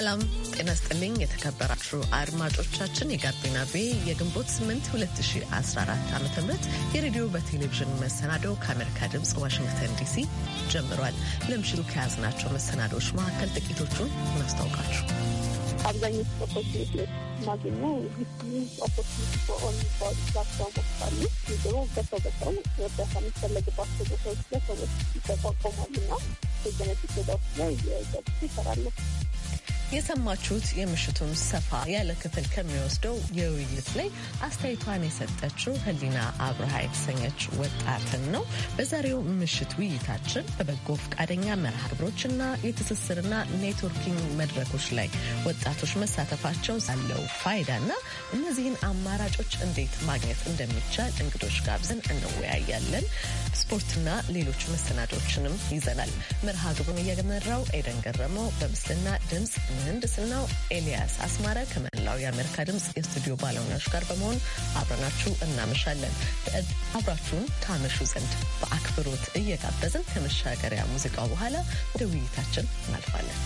ሰላም ጤና ስጥልኝ። የተከበራችሁ አድማጮቻችን የጋቢና ቤ የግንቦት 8 2014 ዓ ም የሬዲዮ በቴሌቪዥን መሰናዶው ከአሜሪካ ድምፅ ዋሽንግተን ዲሲ ጀምሯል። ለምሽቱ ከያዝናቸው መሰናዶዎች መካከል ጥቂቶቹን እናስታውቃችሁ። አብዛኞቹ ኦፖርቹኒቲዎች ማገኘው ኦፖርቹኒቲ ኦን ሚባሉ ፕላትፎርሞች አሉ። ደግሞ በሰው በሰው እርዳታ የሚፈለግባቸው ቦታዎች ለሰዎች ይጠቋቋማሉ ና በዘነት ወዳዎች ላይ የሰማችሁት የምሽቱን ሰፋ ያለ ክፍል ከሚወስደው የውይይት ላይ አስተያየቷን የሰጠችው ህሊና አብርሃ የተሰኘች ወጣትን ነው። በዛሬው ምሽት ውይይታችን በበጎ ፈቃደኛ መርሃ ግብሮችና የትስስርና ኔትወርኪንግ መድረኮች ላይ ወጣቶች መሳተፋቸው ያለው ፋይዳና እነዚህን አማራጮች እንዴት ማግኘት እንደሚቻል እንግዶች ጋብዘን እንወያያለን። ስፖርትና ሌሎች መሰናዶችንም ይዘናል። መርሃ ግብሩን እየመራው ኤደን ገረመው በምስልና ድምፅ ምህንድስናው ኤልያስ አስማረ ከመላው የአሜሪካ ድምፅ የስቱዲዮ ባለሙያዎች ጋር በመሆን አብረናችሁ እናመሻለን። አብራችሁን ታመሹ ዘንድ በአክብሮት እየጋበዝን ከመሻገሪያ ሙዚቃው በኋላ ወደ ውይይታችን እናልፋለን።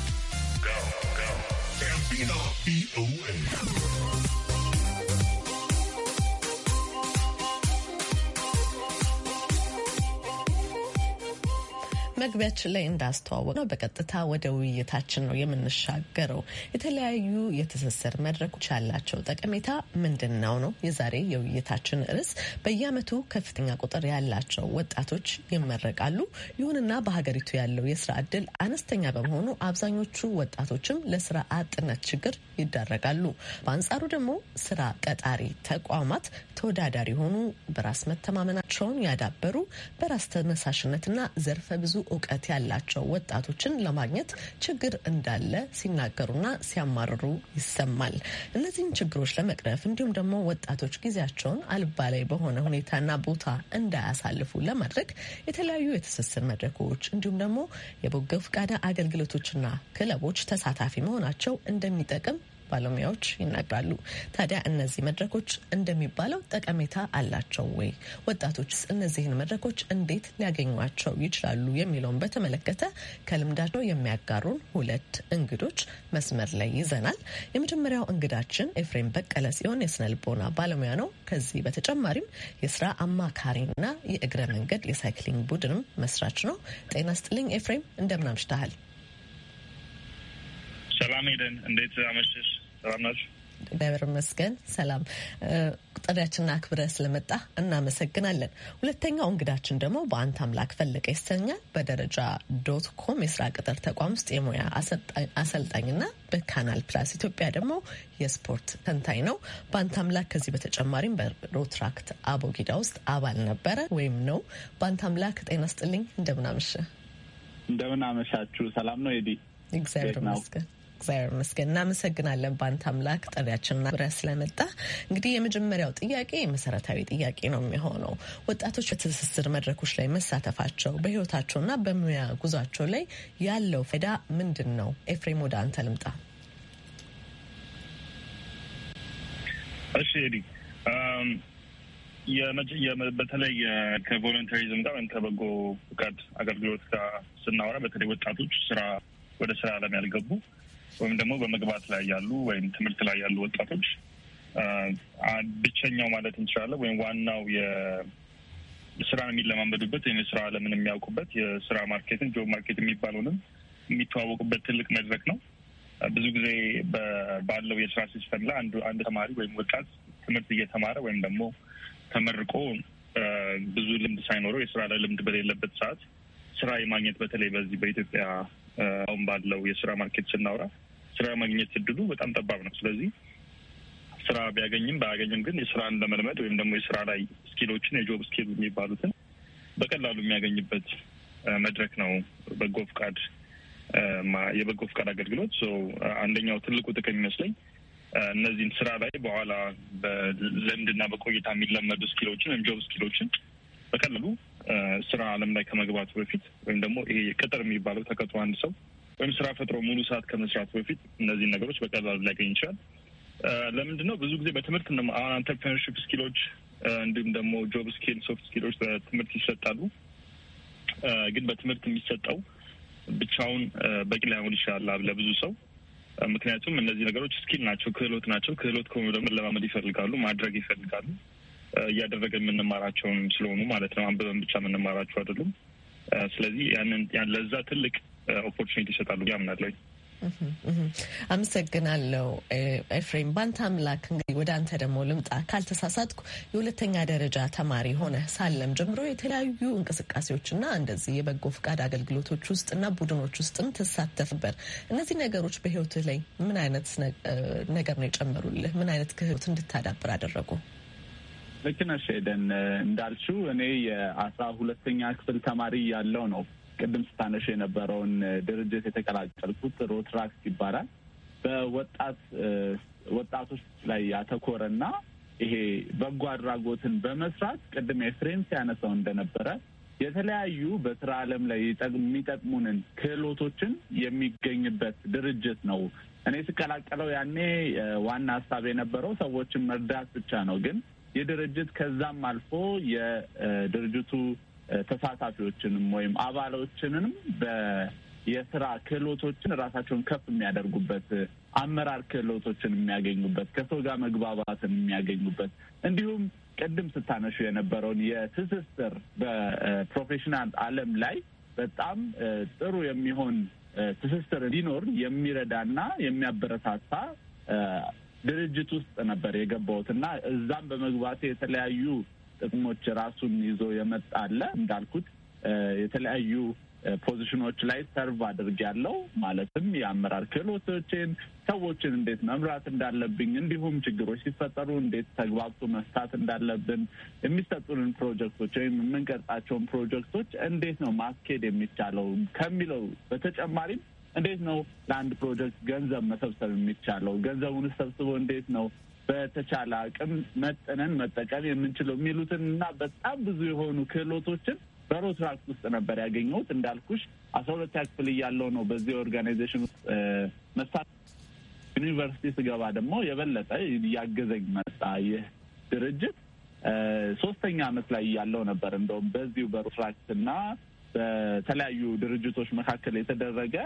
መግቢያችን ላይ እንዳስተዋወቅ ነው በቀጥታ ወደ ውይይታችን ነው የምንሻገረው። የተለያዩ የትስስር መድረኮች ያላቸው ጠቀሜታ ምንድን ነው ነው የዛሬ የውይይታችን ርዕስ። በየዓመቱ ከፍተኛ ቁጥር ያላቸው ወጣቶች ይመረቃሉ። ይሁንና በሀገሪቱ ያለው የስራ እድል አነስተኛ በመሆኑ አብዛኞቹ ወጣቶችም ለስራ አጥነት ችግር ይዳረጋሉ። በአንጻሩ ደግሞ ስራ ቀጣሪ ተቋማት ተወዳዳሪ የሆኑ በራስ መተማመናቸውን ያዳበሩ በራስ ተነሳሽነትና ዘርፈ ብዙ እውቀት ያላቸው ወጣቶችን ለማግኘት ችግር እንዳለ ሲናገሩና ሲያማርሩ ይሰማል። እነዚህን ችግሮች ለመቅረፍ እንዲሁም ደግሞ ወጣቶች ጊዜያቸውን አልባላይ በሆነ ሁኔታና ቦታ እንዳያሳልፉ ለማድረግ የተለያዩ የትስስር መድረኮች እንዲሁም ደግሞ የበጎ ፈቃድ አገልግሎቶችና ክለቦች ተሳታፊ መሆናቸው እንደሚጠቅም ባለሙያዎች ይናገራሉ። ታዲያ እነዚህ መድረኮች እንደሚባለው ጠቀሜታ አላቸው ወይ? ወጣቶችስ እነዚህን መድረኮች እንዴት ሊያገኟቸው ይችላሉ? የሚለውን በተመለከተ ከልምዳቸው የሚያጋሩን ሁለት እንግዶች መስመር ላይ ይዘናል። የመጀመሪያው እንግዳችን ኤፍሬም በቀለ ሲሆን የስነ ልቦና ባለሙያ ነው። ከዚህ በተጨማሪም የስራ አማካሪና የእግረ መንገድ የሳይክሊንግ ቡድንም መስራች ነው። ጤና ስጥልኝ ኤፍሬም፣ እንደምን አምሽተሃል? ሰላም ሄደን፣ እንዴት አመሸሽ? ሰላም ናችሁ? እግዚአብሔር ይመስገን። ሰላም ጥሪያችንን አክብረ ስለመጣ እናመሰግናለን። ሁለተኛው እንግዳችን ደግሞ በአንተ አምላክ ፈለቀ ይሰኛል። በደረጃ ዶት ኮም የስራ ቅጥር ተቋም ውስጥ የሙያ አሰልጣኝና በካናል ፕላስ ኢትዮጵያ ደግሞ የስፖርት ተንታኝ ነው። በአንተ አምላክ ከዚህ በተጨማሪም በሮትራክት አቦጊዳ ውስጥ አባል ነበረ ወይም ነው። በአንተ አምላክ ጤና ስጥልኝ፣ እንደምናመሸ እንደምናመሻችሁ። ሰላም ነው ኤዲ? እግዚአብሔር ይመስገን እግዚአብሔር ይመስገን። እናመሰግናለን በአንተ አምላክ ጠሪያችንና ብረ ስለመጣ። እንግዲህ የመጀመሪያው ጥያቄ መሰረታዊ ጥያቄ ነው የሚሆነው ወጣቶች በትስስር መድረኮች ላይ መሳተፋቸው በህይወታቸውና በሙያ ጉዟቸው ላይ ያለው ፋይዳ ምንድን ነው? ኤፍሬም ወደ አንተ ልምጣ። እሺ ኤዲ፣ በተለይ ከቮለንተሪዝም ጋር ወይም ከበጎ ፍቃድ አገልግሎት ጋር ስናወራ በተለይ ወጣቶች ስራ ወደ ስራ ዓለም ያልገቡ ወይም ደግሞ በመግባት ላይ ያሉ ወይም ትምህርት ላይ ያሉ ወጣቶች ብቸኛው ማለት እንችላለን ወይም ዋናው ስራን የሚለማመዱበት ወይም የስራ አለምን የሚያውቁበት የስራ ማርኬትን ጆብ ማርኬት የሚባለውንም የሚተዋወቁበት ትልቅ መድረክ ነው። ብዙ ጊዜ ባለው የስራ ሲስተም ላይ አንዱ አንድ ተማሪ ወይም ወጣት ትምህርት እየተማረ ወይም ደግሞ ተመርቆ ብዙ ልምድ ሳይኖረው የስራ ላይ ልምድ በሌለበት ሰዓት ስራ የማግኘት በተለይ በዚህ በኢትዮጵያ አሁን ባለው የስራ ማርኬት ስናወራ ስራ ማግኘት እድሉ በጣም ጠባብ ነው። ስለዚህ ስራ ቢያገኝም ባያገኝም ግን የስራን ለመልመድ ወይም ደግሞ የስራ ላይ ስኪሎችን የጆብ ስኪል የሚባሉትን በቀላሉ የሚያገኝበት መድረክ ነው በጎ ፍቃድ የበጎ ፍቃድ አገልግሎት። አንደኛው ትልቁ ጥቅም ይመስለኝ እነዚህን ስራ ላይ በኋላ በልምድና በቆይታ የሚለመዱ ስኪሎችን ወይም ጆብ ስኪሎችን በቀላሉ ስራ አለም ላይ ከመግባቱ በፊት ወይም ደግሞ ይሄ ቅጥር የሚባለው ተቀጥሮ አንድ ሰው ወይም ስራ ፈጥሮ ሙሉ ሰዓት ከመስራቱ በፊት እነዚህን ነገሮች በቀላሉ ሊያገኝ ይችላል። ለምንድን ነው ብዙ ጊዜ በትምህርት አሁን አንተርፕረነርሺፕ ስኪሎች እንዲሁም ደግሞ ጆብ ስኪል፣ ሶፍት ስኪሎች በትምህርት ይሰጣሉ። ግን በትምህርት የሚሰጠው ብቻውን በቂ ላይሆን ይችላል ለብዙ ሰው። ምክንያቱም እነዚህ ነገሮች ስኪል ናቸው፣ ክህሎት ናቸው። ክህሎት ከሆኑ ደግሞ ለማመድ ይፈልጋሉ፣ ማድረግ ይፈልጋሉ። እያደረገ የምንማራቸውን ስለሆኑ ማለት ነው። አንብበን ብቻ የምንማራቸው አይደሉም። ስለዚህ ያንን ለዛ ትልቅ ኦፖርቹኒቲ ይሰጣሉ ያምናለሁ። አመሰግናለሁ ኤፍሬም ባንተ አምላክ። እንግዲህ ወደ አንተ ደግሞ ልምጣ። ካልተሳሳትኩ የሁለተኛ ደረጃ ተማሪ ሆነ ሳለም ጀምሮ የተለያዩ እንቅስቃሴዎችና እንደዚህ የበጎ ፍቃድ አገልግሎቶች ውስጥና ቡድኖች ውስጥም ትሳተፍ ነበር። እነዚህ ነገሮች በህይወት ላይ ምን አይነት ነገር ነው የጨመሩልህ? ምን አይነት ክህሎት እንድታዳብር አደረጉ? ልክ ነሽ እኔ የአስራ ሁለተኛ ክፍል ተማሪ ያለው ነው ቅድም ስታነሽ የነበረውን ድርጅት የተቀላቀልኩት ሮትራክስ ይባላል። በወጣት ወጣቶች ላይ ያተኮረና ይሄ በጎ አድራጎትን በመስራት ቅድም ኤፍሬም ሲያነሳው እንደነበረ የተለያዩ በስራ ዓለም ላይ የሚጠቅሙንን ክህሎቶችን የሚገኝበት ድርጅት ነው። እኔ ስቀላቀለው ያኔ ዋና ሀሳብ የነበረው ሰዎችን መርዳት ብቻ ነው። ግን የድርጅት ከዛም አልፎ የድርጅቱ ተሳታፊዎችንም ወይም አባሎችንም የስራ ክህሎቶችን ራሳቸውን ከፍ የሚያደርጉበት አመራር ክህሎቶችን የሚያገኙበት ከሰው ጋር መግባባትን የሚያገኙበት እንዲሁም ቅድም ስታነሹ የነበረውን የትስስር በፕሮፌሽናል ዓለም ላይ በጣም ጥሩ የሚሆን ትስስር እንዲኖር የሚረዳና የሚያበረታታ ድርጅት ውስጥ ነበር የገባሁት እና እዛም በመግባቴ የተለያዩ ጥቅሞች ራሱን ይዞ የመጣ አለ። እንዳልኩት የተለያዩ ፖዚሽኖች ላይ ሰርቭ አድርግ ያለው ማለትም የአመራር ክህሎቶችን፣ ሰዎችን እንዴት መምራት እንዳለብኝ፣ እንዲሁም ችግሮች ሲፈጠሩ እንዴት ተግባብቶ መፍታት እንዳለብን፣ የሚሰጡንን ፕሮጀክቶች ወይም የምንቀርጻቸውን ፕሮጀክቶች እንዴት ነው ማስኬድ የሚቻለው ከሚለው በተጨማሪም እንዴት ነው ለአንድ ፕሮጀክት ገንዘብ መሰብሰብ የሚቻለው፣ ገንዘቡን ሰብስቦ እንዴት ነው በተቻለ አቅም መጠነን መጠቀም የምንችለው የሚሉትን እና በጣም ብዙ የሆኑ ክህሎቶችን በሮትራክት ውስጥ ነበር ያገኘሁት። እንዳልኩሽ አስራ ሁለት ክፍል እያለው ነው በዚህ ኦርጋናይዜሽን ውስጥ መሳ ዩኒቨርሲቲ ስገባ ደግሞ የበለጠ እያገዘኝ መጣ። ይህ ድርጅት ሶስተኛ አመት ላይ እያለው ነበር እንደውም በዚሁ በሮትራክት እና በተለያዩ ድርጅቶች መካከል የተደረገ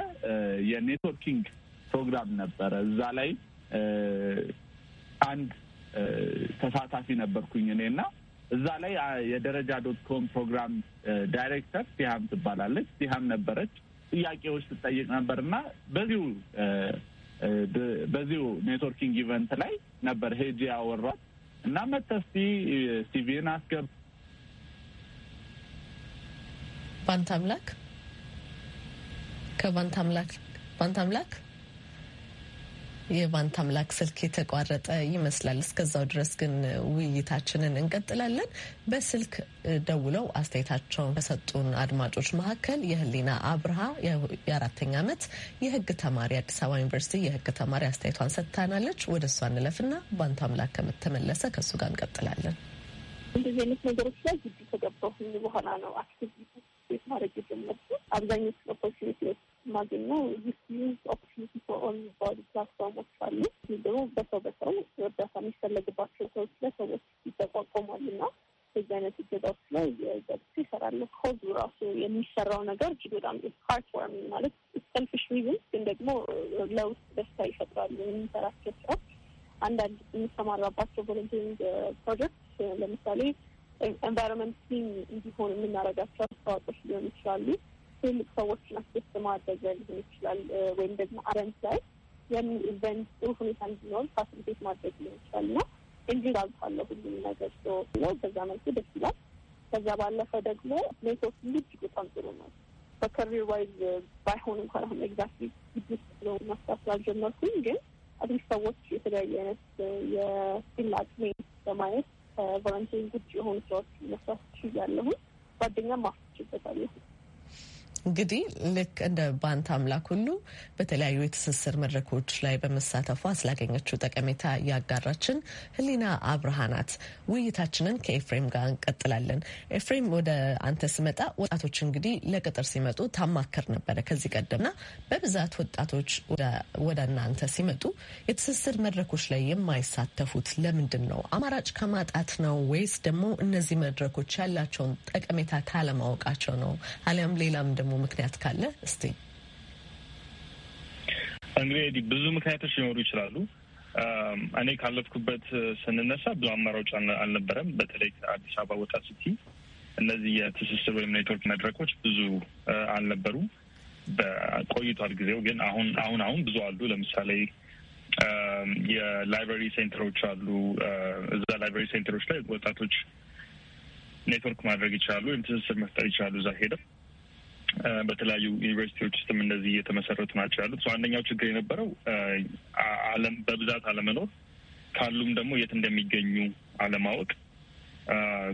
የኔትወርኪንግ ፕሮግራም ነበረ እዛ ላይ አንድ ተሳታፊ ነበርኩኝ እኔ እና እዛ ላይ የደረጃ ዶት ኮም ፕሮግራም ዳይሬክተር ሲሃም ትባላለች። ሲሃም ነበረች። ጥያቄዎች ትጠይቅ ነበር እና በዚሁ በዚሁ ኔትወርኪንግ ኢቨንት ላይ ነበር ሄጂ ያወራት እና መተስቲ ሲቪን አስገብ ባንት አምላክ ከባንት አምላክ አምላክ የባንት አምላክ ስልክ የተቋረጠ ይመስላል። እስከዛው ድረስ ግን ውይይታችንን እንቀጥላለን። በስልክ ደውለው አስተያየታቸውን ከሰጡን አድማጮች መካከል የህሊና አብርሃ የአራተኛ ዓመት የህግ ተማሪ አዲስ አበባ ዩኒቨርሲቲ የህግ ተማሪ አስተያየቷን ሰጥታናለች። ወደ እሷ እንለፍና ባንት አምላክ ከምትመለሰ ከእሱ ጋር እንቀጥላለን። እንደዚህ አይነት ነገሮች ላይ ግቢ ከገባሁኝ በኋላ ነው አክቲቪቲ ማድረግ የጀመርኩት አብዛኞቹ ኦፖርቹኒቲዎች ማገኘው ዩስ ኦፖርቹኒቲ ፎር ኦል የሚባሉ ፕላትፎርሞች አሉ። ይህ ደግሞ በሰው በሰው እርዳታ የሚፈለግባቸው ሰዎች ላይ ሰዎች ይጠቋቋማሉ እና በዚህ አይነት እገዳዎች ላይ ገብቶ ይሰራሉ። ከዙ ራሱ የሚሰራው ነገር እጅግ በጣም ሀርት ዋርሚንግ ማለት ሰልፊሽ ሪዝን ግን ደግሞ ለውስጥ ደስታ ይፈጥራሉ። የሚሰራቸው ስራ አንዳንድ የምንሰማራባቸው ቮለንቲሪንግ ፕሮጀክት uh, ለምሳሌ ኤንቫይሮንመንት ቲም እንዲሆን የምናደርጋቸው አስተዋጽኦች ሊሆን ይችላሉ። ትልቅ ሰዎችን አስደስት ማድረግ ሊሆን ይችላል። ወይም ደግሞ አረንት ላይ ያንን ኢቨንት ጥሩ ሁኔታ እንዲኖር ፋሲሊቴት ማድረግ ሊሆን ይችላል እና እንጂ አልኳለሁ ሁሉም ነገር ሰ ነው። በዛ መልኩ ደስ ይላል። ከዛ ባለፈ ደግሞ ኔትወርክ ልጅ በጣም ጥሩ ነው። በከሪር ዋይዝ ባይሆን እንኳን አሁን ኤግዛክት ውስጥ ብሎ ማስታት ስላልጀመርኩኝ፣ ግን አትሊስት ሰዎች የተለያዩ አይነት የፊልድ አቅሜ በማየት ከቮለንቲሪንግ ውጭ የሆኑ ስራዎች መስራት ችያለሁኝ። ጓደኛም ማፍችበታለሁ እንግዲህ ልክ እንደ ባንት አምላክ ሁሉ በተለያዩ የትስስር መድረኮች ላይ በመሳተፏ ስላገኘችው ጠቀሜታ ያጋራችን ህሊና አብርሃናት። ውይይታችንን ከኤፍሬም ጋር እንቀጥላለን። ኤፍሬም ወደ አንተ ስመጣ ወጣቶች እንግዲህ ለቅጥር ሲመጡ ታማከር ነበረ ከዚህ ቀደምና በብዛት ወጣቶች ወደ እናንተ ሲመጡ የትስስር መድረኮች ላይ የማይሳተፉት ለምንድን ነው? አማራጭ ከማጣት ነው ወይስ ደግሞ እነዚህ መድረኮች ያላቸውን ጠቀሜታ ካለማወቃቸው ነው? አሊያም ሌላም ደግሞ ምክንያት ካለ እስቲ። እንግዲህ ብዙ ምክንያቶች ሊኖሩ ይችላሉ። እኔ ካለፍኩበት ስንነሳ ብዙ አማራጭ አልነበረም። በተለይ አዲስ አበባ ወጣ ስቲ እነዚህ የትስስር ወይም ኔትወርክ መድረኮች ብዙ አልነበሩም። በቆይቷል ጊዜው ግን አሁን አሁን አሁን ብዙ አሉ። ለምሳሌ የላይብራሪ ሴንተሮች አሉ። እዛ ላይብራሪ ሴንተሮች ላይ ወጣቶች ኔትወርክ ማድረግ ይችላሉ ወይም ትስስር መፍጠር ይችላሉ እዛ ሄደው በተለያዩ ዩኒቨርሲቲዎች ውስጥም እንደዚህ እየተመሰረቱ ናቸው ያሉት። አንደኛው ችግር የነበረው አለም በብዛት አለመኖር ካሉም ደግሞ የት እንደሚገኙ አለማወቅ።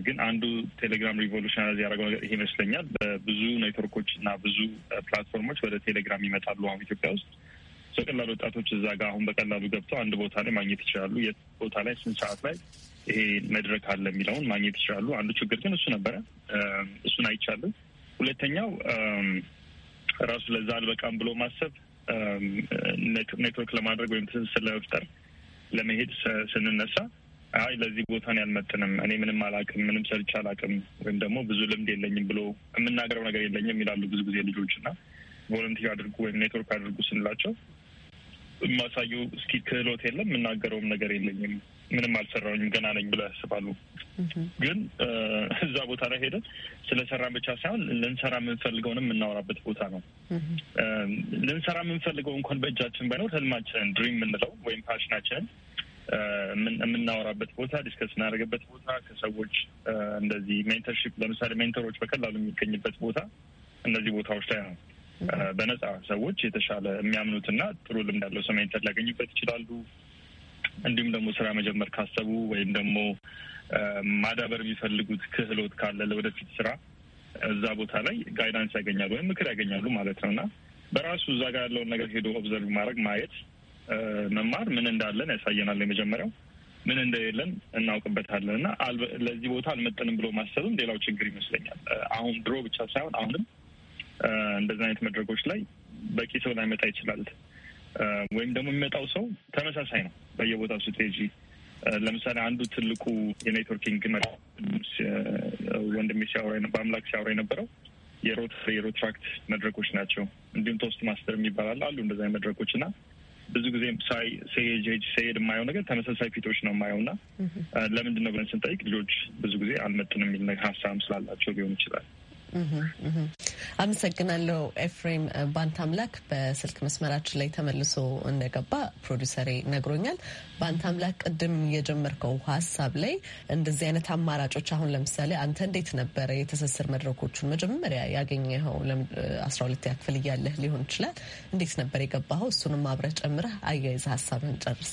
ግን አንዱ ቴሌግራም ዚ ያደረገው ነገር ይሄ ይመስለኛል። ብዙ ኔትወርኮች እና ብዙ ፕላትፎርሞች ወደ ቴሌግራም ይመጣሉ። አሁን ኢትዮጵያ ውስጥ በቀላሉ ወጣቶች እዛ ጋር አሁን በቀላሉ ገብተው አንድ ቦታ ላይ ማግኘት ይችላሉ። የት ቦታ ላይ ስንት ሰዓት ላይ ይሄ መድረክ አለ የሚለውን ማግኘት ይችላሉ። አንዱ ችግር ግን እሱ ነበረ። እሱን አይቻልም ሁለተኛው ራሱ ለዛ አልበቃም ብሎ ማሰብ ኔትወርክ ለማድረግ ወይም ትስስር ለመፍጠር ለመሄድ ስንነሳ አይ ለዚህ ቦታን ያልመጥንም፣ እኔ ምንም አላቅም፣ ምንም ሰርቻ አላቅም፣ ወይም ደግሞ ብዙ ልምድ የለኝም ብሎ የምናገረው ነገር የለኝም ይላሉ ብዙ ጊዜ ልጆች እና ቮለንቲር አድርጉ ወይም ኔትወርክ አድርጉ ስንላቸው የማሳዩ እስኪ ክህሎት የለም የምናገረውም ነገር የለኝም ምንም አልሰራውኝም ገና ነኝ ብለው ያስባሉ። ግን እዛ ቦታ ላይ ሄደን ስለሰራን ብቻ ሳይሆን ልንሰራ የምንፈልገውንም የምናወራበት ቦታ ነው። ልንሰራ የምንፈልገው እንኳን በእጃችን ባይኖር ህልማችንን ድሪም የምንለው ወይም ፓሽናችንን የምናወራበት ቦታ፣ ዲስከስ እናደርግበት ቦታ፣ ከሰዎች እንደዚህ ሜንተርሺፕ ለምሳሌ ሜንተሮች በቀላሉ የሚገኝበት ቦታ እነዚህ ቦታዎች ላይ ነው። በነፃ ሰዎች የተሻለ የሚያምኑትና ጥሩ ልምድ ያለው ሰው ሜንተር ሊያገኙበት ይችላሉ። እንዲሁም ደግሞ ስራ መጀመር ካሰቡ ወይም ደግሞ ማዳበር የሚፈልጉት ክህሎት ካለ ለወደፊት ስራ እዛ ቦታ ላይ ጋይዳንስ ያገኛሉ ወይም ምክር ያገኛሉ ማለት ነው እና በራሱ እዛ ጋር ያለውን ነገር ሄዶ ኦብዘርቭ ማድረግ ማየት መማር ምን እንዳለን ያሳየናል። የመጀመሪያው ምን እንደሌለን እናውቅበታለን እና ለዚህ ቦታ አልመጠንም ብሎ ማሰብም ሌላው ችግር ይመስለኛል። አሁን ድሮ ብቻ ሳይሆን አሁንም እንደዚህ አይነት መድረኮች ላይ በቂ ሰው ላይመጣ ይችላል። ወይም ደግሞ የሚመጣው ሰው ተመሳሳይ ነው በየቦታው ስትሄጂ ለምሳሌ አንዱ ትልቁ የኔትወርኪንግ ወንድሜ ሲያወራ በአምላክ ሲያወራ የነበረው የሮትሪ የሮትራክት መድረኮች ናቸው። እንዲሁም ቶስት ማስተር የሚባላል አሉ እንደዚ መድረኮች እና ብዙ ጊዜ ሳይ ሴሄጅ ሴሄድ የማየው ነገር ተመሳሳይ ፊቶች ነው የማየው እና ለምንድን ነው ብለን ስንጠይቅ ልጆች ብዙ ጊዜ አልመጥንም የሚል ሀሳብ ስላላቸው ሊሆን ይችላል። አመሰግናለሁ ኤፍሬም ባንት አምላክ በስልክ መስመራችን ላይ ተመልሶ እንደገባ ፕሮዲሰሬ ነግሮኛል። ባንት አምላክ ቅድም የጀመርከው ሀሳብ ላይ እንደዚህ አይነት አማራጮች አሁን ለምሳሌ አንተ እንዴት ነበረ የትስስር መድረኮቹን መጀመሪያ ያገኘኸው? አስራ ሁለት ያክፍል እያለህ ሊሆን ይችላል። እንዴት ነበር የገባኸው? እሱንም አብረህ ጨምረህ አያይዘህ ሀሳብህን ጨርስ።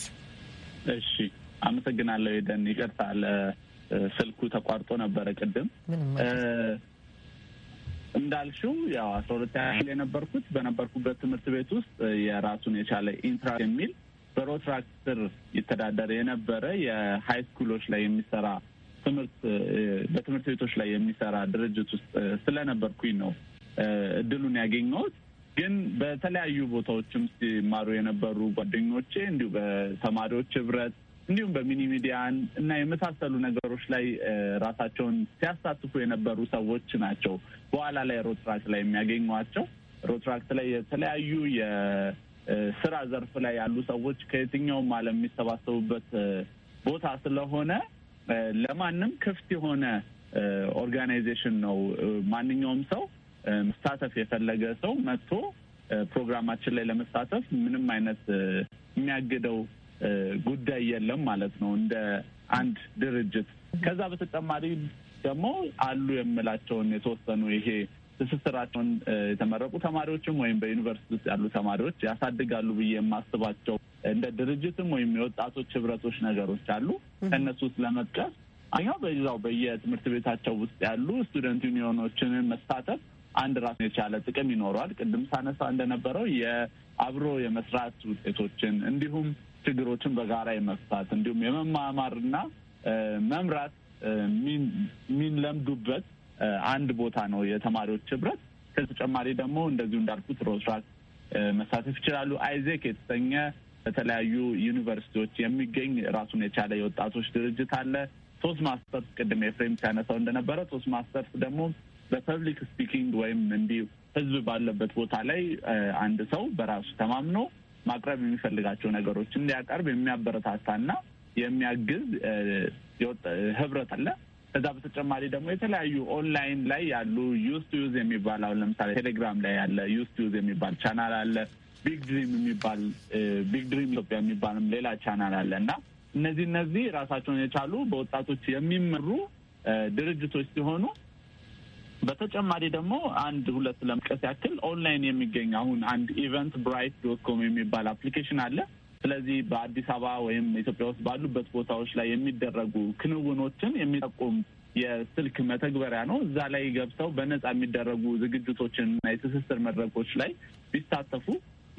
እሺ፣ አመሰግናለሁ። ደን ይቅርታ፣ ስልኩ ተቋርጦ ነበረ ቅድም እንዳልሽው ያው አስራ ሁለት ያህል የነበርኩት በነበርኩበት ትምህርት ቤት ውስጥ የራሱን የቻለ ኢንትራ የሚል በሮትራክ ስር ይተዳደር የነበረ የሀይ ስኩሎች ላይ የሚሰራ ትምህርት በትምህርት ቤቶች ላይ የሚሰራ ድርጅት ውስጥ ስለነበርኩኝ ነው እድሉን ያገኘሁት። ግን በተለያዩ ቦታዎችም ሲማሩ የነበሩ ጓደኞቼ እንዲሁ በተማሪዎች ህብረት እንዲሁም በሚኒ ሚዲያን እና የመሳሰሉ ነገሮች ላይ ራሳቸውን ሲያሳትፉ የነበሩ ሰዎች ናቸው በኋላ ላይ ሮትራክት ላይ የሚያገኟቸው ሮትራክት ላይ የተለያዩ የስራ ዘርፍ ላይ ያሉ ሰዎች ከየትኛውም ዓለም የሚሰባሰቡበት ቦታ ስለሆነ ለማንም ክፍት የሆነ ኦርጋናይዜሽን ነው። ማንኛውም ሰው መሳተፍ የፈለገ ሰው መጥቶ ፕሮግራማችን ላይ ለመሳተፍ ምንም አይነት የሚያግደው ጉዳይ የለም ማለት ነው እንደ አንድ ድርጅት። ከዛ በተጨማሪ ደግሞ አሉ የምላቸውን የተወሰኑ ይሄ ትስስራቸውን የተመረቁ ተማሪዎችም ወይም በዩኒቨርሲቲ ውስጥ ያሉ ተማሪዎች ያሳድጋሉ ብዬ የማስባቸው እንደ ድርጅትም ወይም የወጣቶች ህብረቶች ነገሮች አሉ። ከእነሱ ውስጥ ለመጥቀስ አኛው በዛው በየትምህርት ቤታቸው ውስጥ ያሉ ስቱደንት ዩኒዮኖችንን መሳተፍ አንድ ራሱን የቻለ ጥቅም ይኖረዋል። ቅድም ሳነሳ እንደነበረው የአብሮ የመስራት ውጤቶችን እንዲሁም ችግሮችን በጋራ የመፍታት እንዲሁም የመማማርና መምራት የሚንለምዱበት አንድ ቦታ ነው የተማሪዎች ህብረት። ከተጨማሪ ደግሞ እንደዚሁ እንዳልኩት ሮስራት መሳተፍ ይችላሉ። አይዜክ የተሰኘ በተለያዩ ዩኒቨርሲቲዎች የሚገኝ ራሱን የቻለ የወጣቶች ድርጅት አለ። ሶስት ማስተርስ ቅድም የፍሬም ሲያነሳው እንደነበረ ሶስት ማስተርስ ደግሞ በፐብሊክ ስፒኪንግ ወይም እንዲህ ህዝብ ባለበት ቦታ ላይ አንድ ሰው በራሱ ተማምኖ ማቅረብ የሚፈልጋቸው ነገሮች እንዲያቀርብ የሚያበረታታና የሚያግዝ ህብረት አለ። ከዛ በተጨማሪ ደግሞ የተለያዩ ኦንላይን ላይ ያሉ ዩስ ቱ ዩዝ የሚባል አሁን ለምሳሌ ቴሌግራም ላይ ያለ ዩስ ቱ ዩዝ የሚባል ቻናል አለ። ቢግ ድሪም የሚባል ቢግ ድሪም ኢትዮጵያ የሚባልም ሌላ ቻናል አለ እና እነዚህ እነዚህ ራሳቸውን የቻሉ በወጣቶች የሚመሩ ድርጅቶች ሲሆኑ በተጨማሪ ደግሞ አንድ ሁለት ለመጥቀስ ያክል ኦንላይን የሚገኝ አሁን አንድ ኢቨንት ብራይት ዶት ኮም የሚባል አፕሊኬሽን አለ። ስለዚህ በአዲስ አበባ ወይም ኢትዮጵያ ውስጥ ባሉበት ቦታዎች ላይ የሚደረጉ ክንውኖችን የሚጠቁም የስልክ መተግበሪያ ነው። እዛ ላይ ገብተው በነጻ የሚደረጉ ዝግጅቶችን እና የትስስር መድረኮች ላይ ቢሳተፉ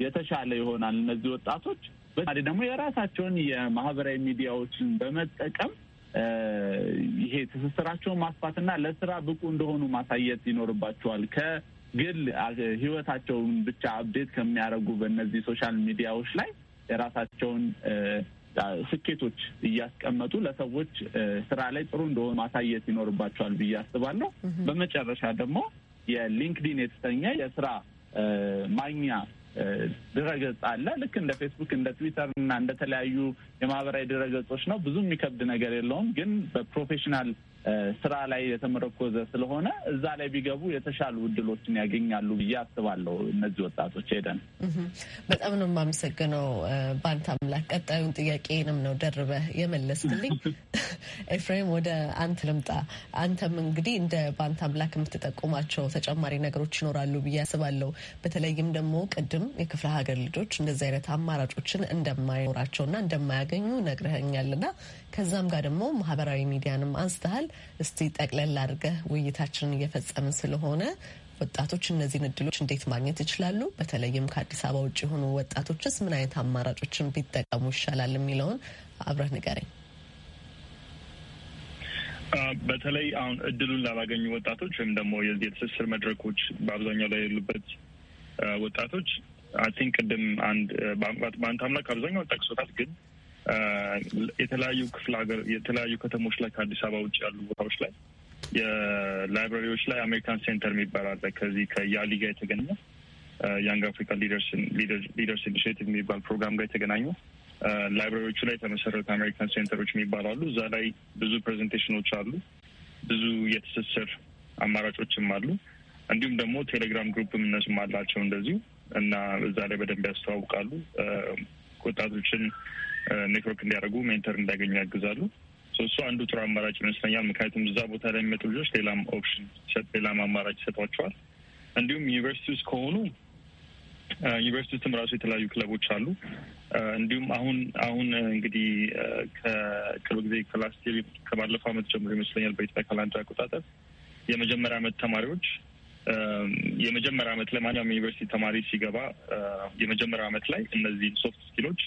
የተሻለ ይሆናል። እነዚህ ወጣቶች በዛሬ ደግሞ የራሳቸውን የማህበራዊ ሚዲያዎችን በመጠቀም ይሄ ትስስራቸውን ማስፋትና ለስራ ብቁ እንደሆኑ ማሳየት ይኖርባቸዋል። ከግል ህይወታቸውን ብቻ አብዴት ከሚያደርጉ በእነዚህ ሶሻል ሚዲያዎች ላይ የራሳቸውን ስኬቶች እያስቀመጡ ለሰዎች ስራ ላይ ጥሩ እንደሆኑ ማሳየት ይኖርባቸዋል ብዬ አስባለሁ። በመጨረሻ ደግሞ የሊንክዲን የተሰኘ የስራ ማግኛ ድረገጽ አለ። ልክ እንደ ፌስቡክ፣ እንደ ትዊተር እና እንደተለያዩ የማህበራዊ ድረገጾች ነው። ብዙ የሚከብድ ነገር የለውም። ግን በፕሮፌሽናል ስራ ላይ የተመረኮዘ ስለሆነ እዛ ላይ ቢገቡ የተሻሉ እድሎችን ያገኛሉ ብዬ አስባለሁ። እነዚህ ወጣቶች ሄደን በጣም ነው የማመሰግነው። በአንተ አምላክ ቀጣዩን ጥያቄንም ነው ደርበህ የመለስክልኝ። ኤፍሬም ወደ አንተ ልምጣ። አንተም እንግዲህ እንደ በአንተ አምላክ የምትጠቁማቸው ተጨማሪ ነገሮች ይኖራሉ ብዬ አስባለሁ። በተለይም ደግሞ ቅድም የክፍለ ሀገር ልጆች እንደዚህ አይነት አማራጮችን እንደማይኖራቸውና እንደማያገኙ ነግረኸኛልና ከዛም ጋር ደግሞ ማህበራዊ ሚዲያንም አንስተሃል። እስቲ ጠቅለል አድርገህ ውይይታችንን እየፈጸምን ስለሆነ ወጣቶች እነዚህን እድሎች እንዴት ማግኘት ይችላሉ? በተለይም ከአዲስ አበባ ውጭ የሆኑ ወጣቶችስ ምን አይነት አማራጮችን ቢጠቀሙ ይሻላል የሚለውን አብረህ ንገረኝ። በተለይ አሁን እድሉን ላላገኙ ወጣቶች ወይም ደግሞ የዚህ የትስስር መድረኮች በአብዛኛው ላይ የሌሉበት ወጣቶች አይ ቲንክ ቅድም አንድ በአንተ አምላክ አብዛኛውን ጠቅሶታል ግን የተለያዩ ክፍለ ሀገር የተለያዩ ከተሞች ላይ ከአዲስ አበባ ውጭ ያሉ ቦታዎች ላይ የላይብራሪዎች ላይ አሜሪካን ሴንተር የሚባል አለ። ከዚህ ከያሊ ጋር የተገኘ ያንግ አፍሪካ ሊደርስ ኢኒሽቲቭ የሚባል ፕሮግራም ጋር የተገናኙ ላይብራሪዎቹ ላይ የተመሰረቱ አሜሪካን ሴንተሮች የሚባሉ አሉ። እዛ ላይ ብዙ ፕሬዘንቴሽኖች አሉ። ብዙ የትስስር አማራጮችም አሉ። እንዲሁም ደግሞ ቴሌግራም ግሩፕ እነሱም አላቸው እንደዚሁ እና እዛ ላይ በደንብ ያስተዋውቃሉ ወጣቶችን ኔትወርክ እንዲያደርጉ ሜንተር እንዲያገኙ ያግዛሉ። እሱ አንዱ ጥሩ አማራጭ ይመስለኛል። ምክንያቱም እዛ ቦታ ላይ የሚመጡ ልጆች ሌላም ኦፕሽን፣ ሌላም አማራጭ ይሰጧቸዋል። እንዲሁም ዩኒቨርሲቲ ውስጥ ከሆኑ ዩኒቨርሲቲ ውስጥም ራሱ የተለያዩ ክለቦች አሉ። እንዲሁም አሁን አሁን እንግዲህ ከቅርብ ጊዜ ከላስት ከባለፈው ዓመት ጀምሮ ይመስለኛል በኢትዮጵያ ካላንደር አቆጣጠር የመጀመሪያ ዓመት ተማሪዎች የመጀመሪያ ዓመት ላይ ማንኛውም ዩኒቨርሲቲ ተማሪ ሲገባ የመጀመሪያ ዓመት ላይ እነዚህን ሶፍት ስኪሎች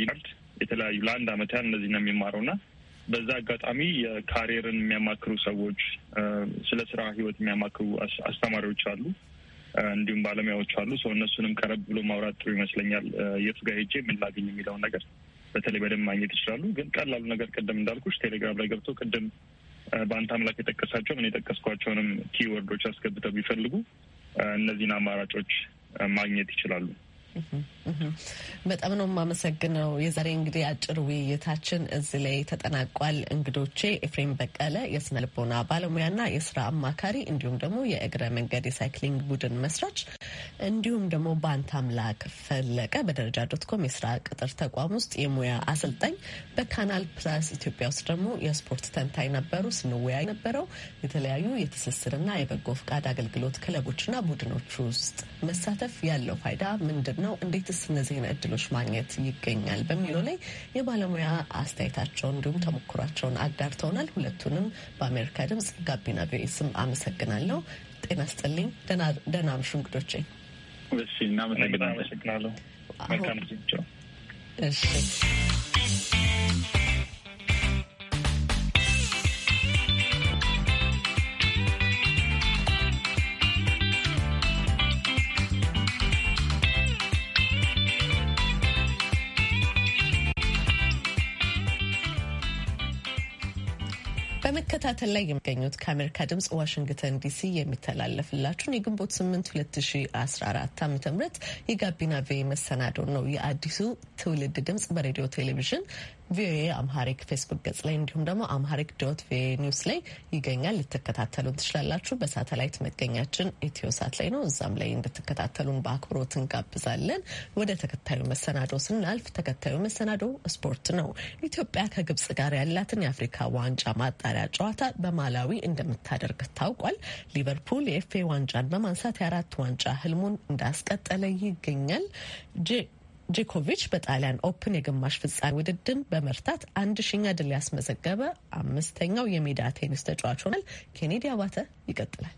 ይቀርድ የተለያዩ ለአንድ አመት ያህል እነዚህ ነው የሚማረው ና በዛ አጋጣሚ የካሪየርን የሚያማክሩ ሰዎች፣ ስለ ስራ ህይወት የሚያማክሩ አስተማሪዎች አሉ፣ እንዲሁም ባለሙያዎች አሉ። ሰው እነሱንም ቀረብ ብሎ ማውራት ጥሩ ይመስለኛል። የቱ ጋር ሄጄ ምን ላገኝ የሚለውን ነገር በተለይ በደንብ ማግኘት ይችላሉ። ግን ቀላሉ ነገር ቅድም እንዳልኩች ቴሌግራም ላይ ገብቶ ቅድም በአንተ አምላክ የጠቀሳቸው ምን የጠቀስኳቸውንም ኪወርዶች አስገብተው ቢፈልጉ እነዚህን አማራጮች ማግኘት ይችላሉ። በጣም ነው የማመሰግነው። የዛሬ እንግዲህ አጭር ውይይታችን እዚህ ላይ ተጠናቋል። እንግዶቼ ኤፍሬም በቀለ የስነ ልቦና ባለሙያና የስራ አማካሪ እንዲሁም ደግሞ የእግረ መንገድ የሳይክሊንግ ቡድን መስራች እንዲሁም ደግሞ አምላክ ፈለቀ በደረጃ ዶት ኮም የስራ ቅጥር ተቋም ውስጥ የሙያ አሰልጣኝ፣ በካናል ፕላስ ኢትዮጵያ ውስጥ ደግሞ የስፖርት ተንታኝ ነበሩ። ስንወያይ ነበረው የተለያዩ የትስስርና የበጎ ፈቃድ አገልግሎት ክለቦችና ቡድኖች ውስጥ መሳተፍ ያለው ፋይዳ ምንድን ነው? ነው? እንዴትስ እነዚህን እድሎች ማግኘት ይገኛል በሚለው ላይ የባለሙያ አስተያየታቸውን እንዲሁም ተሞክሯቸውን አዳርተውናል። ሁለቱንም በአሜሪካ ድምጽ ጋቢና ቪኦኤ ስም አመሰግናለሁ። ጤና ስጥልኝ። ደህና ምሹ እሺ በመከታተል ላይ የሚገኙት ከአሜሪካ ድምጽ ዋሽንግተን ዲሲ የሚተላለፍላችሁን የግንቦት 8 2014 ዓ ም የጋቢና ቬ መሰናዶ ነው። የአዲሱ ትውልድ ድምጽ በሬዲዮ ቴሌቪዥን ቪኦኤ አምሃሪክ ፌስቡክ ገጽ ላይ እንዲሁም ደግሞ አምሃሪክ ዶት ቪኦኤ ኒውስ ላይ ይገኛል። ልትከታተሉን ትችላላችሁ። በሳተላይት መገኛችን ኢትዮ ሳት ላይ ነው። እዛም ላይ እንድትከታተሉን በአክብሮት እንጋብዛለን። ወደ ተከታዩ መሰናዶ ስናልፍ ተከታዩ መሰናዶ ስፖርት ነው። ኢትዮጵያ ከግብጽ ጋር ያላትን የአፍሪካ ዋንጫ ማጣሪያ ጨዋታ በማላዊ እንደምታደርግ ታውቋል። ሊቨርፑል የኤፍኤ ዋንጫን በማንሳት የአራት ዋንጫ ህልሙን እንዳስቀጠለ ይገኛል። ጂኮቪች በጣሊያን ኦፕን የግማሽ ፍጻሜ ውድድር በመርታት አንድ ሺኛ ድል ያስመዘገበ አምስተኛው የሜዳ ቴኒስ ተጫዋች ሆናል። ኬኔዲ አባተ ይቀጥላል።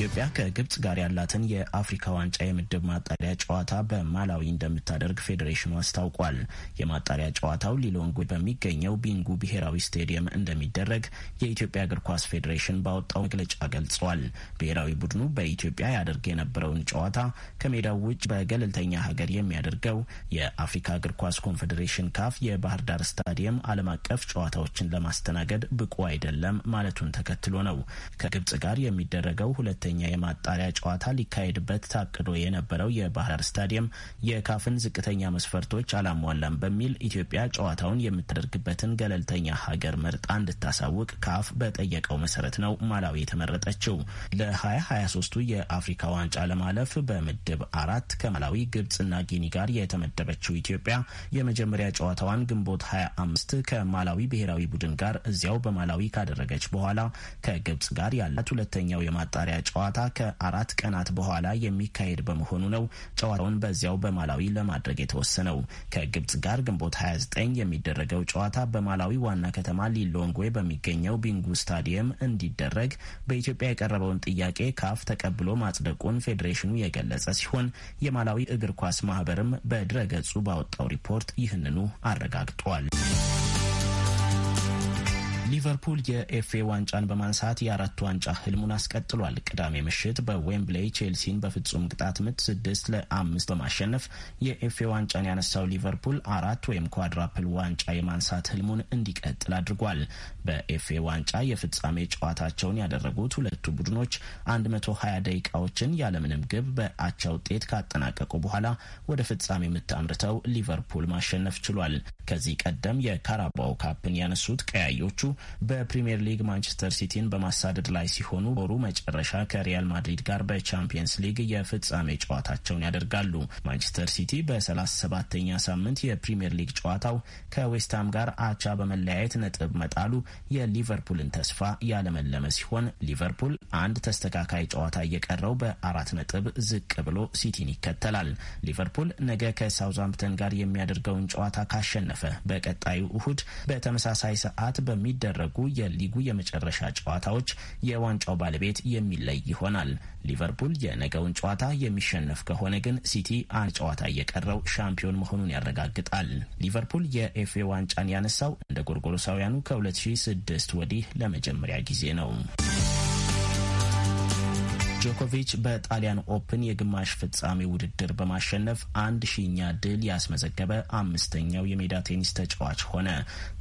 ኢትዮጵያ ከግብጽ ጋር ያላትን የአፍሪካ ዋንጫ የምድብ ማጣሪያ ጨዋታ በማላዊ እንደምታደርግ ፌዴሬሽኑ አስታውቋል። የማጣሪያ ጨዋታው ሊሎንጉ በሚገኘው ቢንጉ ብሔራዊ ስቴዲየም እንደሚደረግ የኢትዮጵያ እግር ኳስ ፌዴሬሽን ባወጣው መግለጫ ገልጿል። ብሔራዊ ቡድኑ በኢትዮጵያ ያደርግ የነበረውን ጨዋታ ከሜዳው ውጭ በገለልተኛ ሀገር የሚያደርገው የአፍሪካ እግር ኳስ ኮንፌዴሬሽን ካፍ የባህር ዳር ስታዲየም ዓለም አቀፍ ጨዋታዎችን ለማስተናገድ ብቁ አይደለም ማለቱን ተከትሎ ነው። ከግብጽ ጋር የሚደረገው ሁለተ ሁለተኛ የማጣሪያ ጨዋታ ሊካሄድበት ታቅዶ የነበረው የባህር ስታዲየም የካፍን ዝቅተኛ መስፈርቶች አላሟላም በሚል ኢትዮጵያ ጨዋታውን የምታደርግበትን ገለልተኛ ሀገር መርጣ እንድታሳውቅ ካፍ በጠየቀው መሰረት ነው ማላዊ የተመረጠችው። ለ2023ቱ የአፍሪካ ዋንጫ ለማለፍ በምድብ አራት ከማላዊ ግብጽና ጊኒ ጋር የተመደበችው ኢትዮጵያ የመጀመሪያ ጨዋታዋን ግንቦት 25 ከማላዊ ብሔራዊ ቡድን ጋር እዚያው በማላዊ ካደረገች በኋላ ከግብጽ ጋር ያላት ሁለተኛው የማጣሪያ ጨዋታ ጨዋታ ከአራት ቀናት በኋላ የሚካሄድ በመሆኑ ነው ጨዋታውን በዚያው በማላዊ ለማድረግ የተወሰነው። ከግብጽ ጋር ግንቦት 29 የሚደረገው ጨዋታ በማላዊ ዋና ከተማ ሊሎንግዌ በሚገኘው ቢንጉ ስታዲየም እንዲደረግ በኢትዮጵያ የቀረበውን ጥያቄ ካፍ ተቀብሎ ማጽደቁን ፌዴሬሽኑ የገለጸ ሲሆን የማላዊ እግር ኳስ ማህበርም በድረገጹ ባወጣው ሪፖርት ይህንኑ አረጋግጧል። ሊቨርፑል የኤፍኤ ዋንጫን በማንሳት የአራት ዋንጫ ህልሙን አስቀጥሏል። ቅዳሜ ምሽት በዌምብሌይ ቼልሲን በፍጹም ቅጣት ምት ስድስት ለአምስት በማሸነፍ የኤፍኤ ዋንጫን ያነሳው ሊቨርፑል አራት ወይም ኳድራፕል ዋንጫ የማንሳት ህልሙን እንዲቀጥል አድርጓል። በኤፍኤ ዋንጫ የፍጻሜ ጨዋታቸውን ያደረጉት ሁለቱ ቡድኖች 120 ደቂቃዎችን ያለምንም ግብ በአቻ ውጤት ካጠናቀቁ በኋላ ወደ ፍጻሜ ምት አምርተው ሊቨርፑል ማሸነፍ ችሏል። ከዚህ ቀደም የካራባኦ ካፕን ያነሱት ቀያዮቹ በፕሪምየር ሊግ ማንቸስተር ሲቲን በማሳደድ ላይ ሲሆኑ ወሩ መጨረሻ ከሪያል ማድሪድ ጋር በቻምፒየንስ ሊግ የፍጻሜ ጨዋታቸውን ያደርጋሉ። ማንቸስተር ሲቲ በ37ኛ ሳምንት የፕሪምየር ሊግ ጨዋታው ከዌስትሃም ጋር አቻ በመለያየት ነጥብ መጣሉ የሊቨርፑልን ተስፋ ያለመለመ ሲሆን ሊቨርፑል አንድ ተስተካካይ ጨዋታ እየቀረው በአራት ነጥብ ዝቅ ብሎ ሲቲን ይከተላል። ሊቨርፑል ነገ ከሳውዝሃምፕተን ጋር የሚያደርገውን ጨዋታ ካሸነፈ በቀጣዩ እሁድ በተመሳሳይ ሰዓት በሚደ በሚደረጉ የሊጉ የመጨረሻ ጨዋታዎች የዋንጫው ባለቤት የሚለይ ይሆናል። ሊቨርፑል የነገውን ጨዋታ የሚሸነፍ ከሆነ ግን ሲቲ አንድ ጨዋታ እየቀረው ሻምፒዮን መሆኑን ያረጋግጣል። ሊቨርፑል የኤፍኤ ዋንጫን ያነሳው እንደ ጎርጎሮሳውያኑ ከ2006 ወዲህ ለመጀመሪያ ጊዜ ነው። ጆኮቪች በጣሊያን ኦፕን የግማሽ ፍጻሜ ውድድር በማሸነፍ አንድ ሺኛ ድል ያስመዘገበ አምስተኛው የሜዳ ቴኒስ ተጫዋች ሆነ።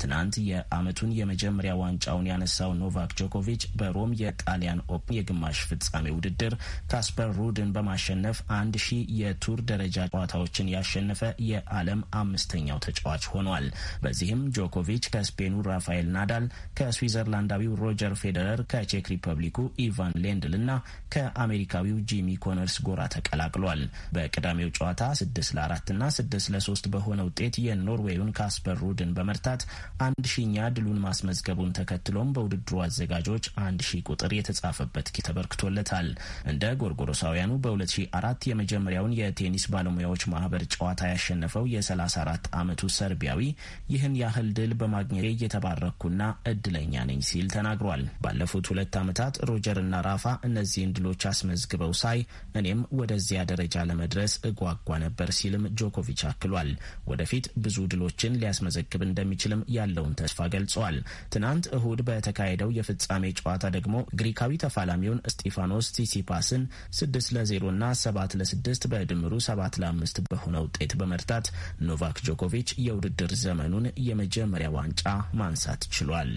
ትናንት የዓመቱን የመጀመሪያ ዋንጫውን ያነሳው ኖቫክ ጆኮቪች በሮም የጣሊያን ኦፕን የግማሽ ፍጻሜ ውድድር ካስፐር ሩድን በማሸነፍ አንድ ሺ የቱር ደረጃ ጨዋታዎችን ያሸነፈ የዓለም አምስተኛው ተጫዋች ሆኗል። በዚህም ጆኮቪች ከስፔኑ ራፋኤል ናዳል፣ ከስዊዘርላንዳዊው ሮጀር ፌዴረር፣ ከቼክ ሪፐብሊኩ ኢቫን ሌንድል እና ከ አሜሪካዊው ጂሚ ኮነርስ ጎራ ተቀላቅሏል። በቅዳሜው ጨዋታ ስድስት ለአራት ና ስድስት ለሶስት በሆነ ውጤት የኖርዌዩን ካስፐር ሩድን በመርታት አንድ ሺኛ ድሉን ማስመዝገቡን ተከትሎም በውድድሩ አዘጋጆች አንድ ሺህ ቁጥር የተጻፈበት ኪ ተበርክቶለታል። እንደ ጎርጎሮሳውያኑ በ2004 የመጀመሪያውን የቴኒስ ባለሙያዎች ማህበር ጨዋታ ያሸነፈው የ34 ዓመቱ ሰርቢያዊ ይህን ያህል ድል በማግኘቴ እየተባረኩና እድለኛ ነኝ ሲል ተናግሯል። ባለፉት ሁለት ዓመታት ሮጀር እና ራፋ እነዚህን ድሎች ውጤቶች አስመዝግበው ሳይ እኔም ወደዚያ ደረጃ ለመድረስ እጓጓ ነበር ሲልም ጆኮቪች አክሏል። ወደፊት ብዙ ድሎችን ሊያስመዘግብ እንደሚችልም ያለውን ተስፋ ገልጿል። ትናንት እሁድ በተካሄደው የፍጻሜ ጨዋታ ደግሞ ግሪካዊ ተፋላሚውን ስጢፋኖስ ሲሲፓስን 6 ለ0 እና 7 ለ6 በድምሩ 7 ለ5 በሆነ ውጤት በመርታት ኖቫክ ጆኮቪች የውድድር ዘመኑን የመጀመሪያ ዋንጫ ማንሳት ችሏል።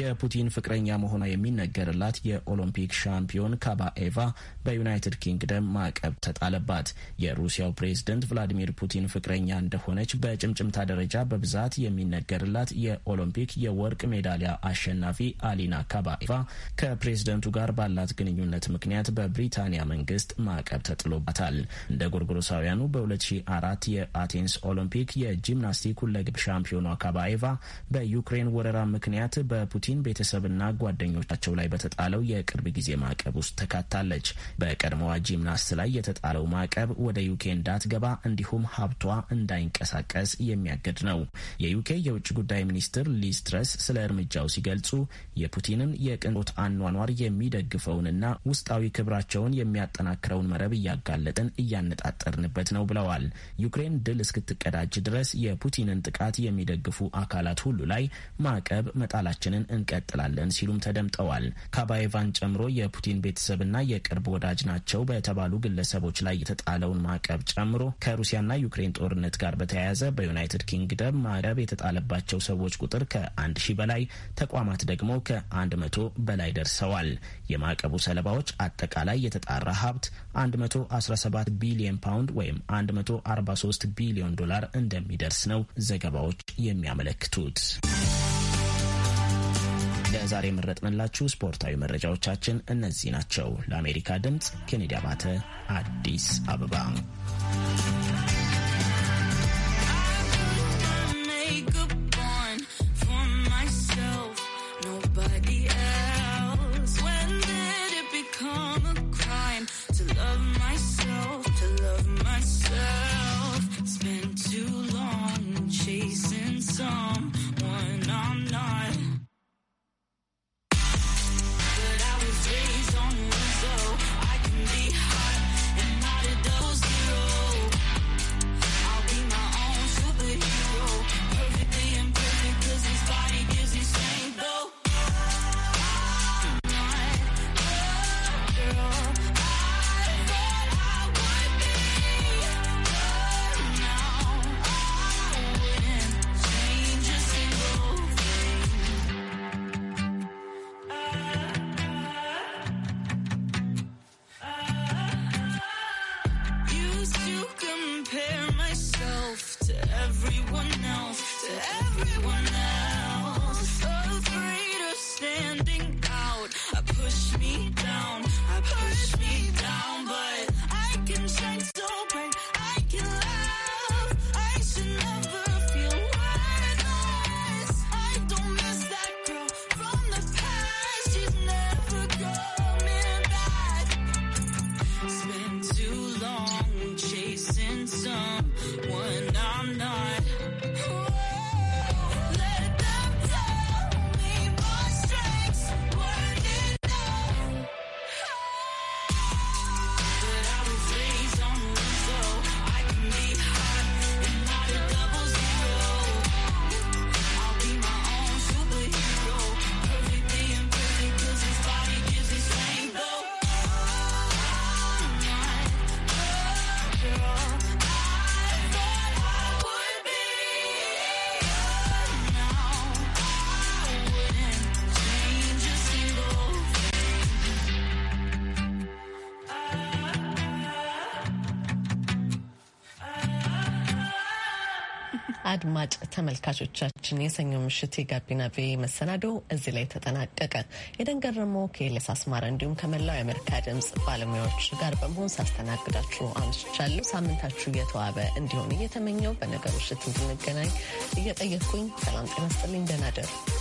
የፑቲን ፍቅረኛ መሆኗ የሚነገርላት የኦሎምፒክ ሻምፒዮን ካባኤቫ በዩናይትድ ኪንግደም ማዕቀብ ተጣለባት። የሩሲያው ፕሬዝደንት ቭላዲሚር ፑቲን ፍቅረኛ እንደሆነች በጭምጭምታ ደረጃ በብዛት የሚነገርላት የኦሎምፒክ የወርቅ ሜዳሊያ አሸናፊ አሊና ካባኤቫ ከፕሬዝደንቱ ጋር ባላት ግንኙነት ምክንያት በብሪታንያ መንግስት ማዕቀብ ተጥሎባታል። እንደ ጎርጎሮሳውያኑ በ2004 የአቴንስ ኦሎምፒክ የጂምናስቲክ ሁለግብ ሻምፒዮኗ ኤቫ በዩክሬን ወረራ ምክንያት በፑቲን ፑቲን ቤተሰብና ጓደኞቻቸው ላይ በተጣለው የቅርብ ጊዜ ማዕቀብ ውስጥ ተካታለች። በቀድሞዋ ጂምናስት ላይ የተጣለው ማዕቀብ ወደ ዩኬ እንዳትገባ እንዲሁም ሀብቷ እንዳይንቀሳቀስ የሚያገድ ነው። የዩኬ የውጭ ጉዳይ ሚኒስትር ሊዝ ትረስ ስለ እርምጃው ሲገልጹ የፑቲንን የቅንጦት አኗኗር የሚደግፈውንና ውስጣዊ ክብራቸውን የሚያጠናክረውን መረብ እያጋለጥን እያነጣጠርንበት ነው ብለዋል። ዩክሬን ድል እስክትቀዳጅ ድረስ የፑቲንን ጥቃት የሚደግፉ አካላት ሁሉ ላይ ማዕቀብ መጣላችንን እንቀጥላለን ሲሉም ተደምጠዋል። ካባኤቫን ጨምሮ የፑቲን ቤተሰብና የቅርብ ወዳጅ ናቸው በተባሉ ግለሰቦች ላይ የተጣለውን ማዕቀብ ጨምሮ ከሩሲያና ዩክሬን ጦርነት ጋር በተያያዘ በዩናይትድ ኪንግደም ማዕቀብ የተጣለባቸው ሰዎች ቁጥር ከአንድ ሺህ በላይ ተቋማት ደግሞ ከአንድ መቶ በላይ ደርሰዋል። የማዕቀቡ ሰለባዎች አጠቃላይ የተጣራ ሀብት 117 ቢሊዮን ፓውንድ ወይም 143 ቢሊዮን ዶላር እንደሚደርስ ነው ዘገባዎች የሚያመለክቱት። ለዛሬ የመረጥንላችሁ ስፖርታዊ መረጃዎቻችን እነዚህ ናቸው። ለአሜሪካ ድምፅ ኬኔዲ አባተ አዲስ አበባ አድማጭ ተመልካቾቻችን የሰኞ ምሽት የጋቢና ቪ መሰናዶ እዚህ ላይ ተጠናቀቀ። የደንገረመው ከኤልያስ አስማረ እንዲሁም ከመላው የአሜሪካ ድምፅ ባለሙያዎች ጋር በመሆን ሳስተናግዳችሁ አምሽቻለሁ። ሳምንታችሁ እየተዋበ እንዲሆን እየተመኘው በነገሮች እንድንገናኝ እየጠየቅኩኝ ሰላም ጤና ስጥልኝ። ደህና ደሩ።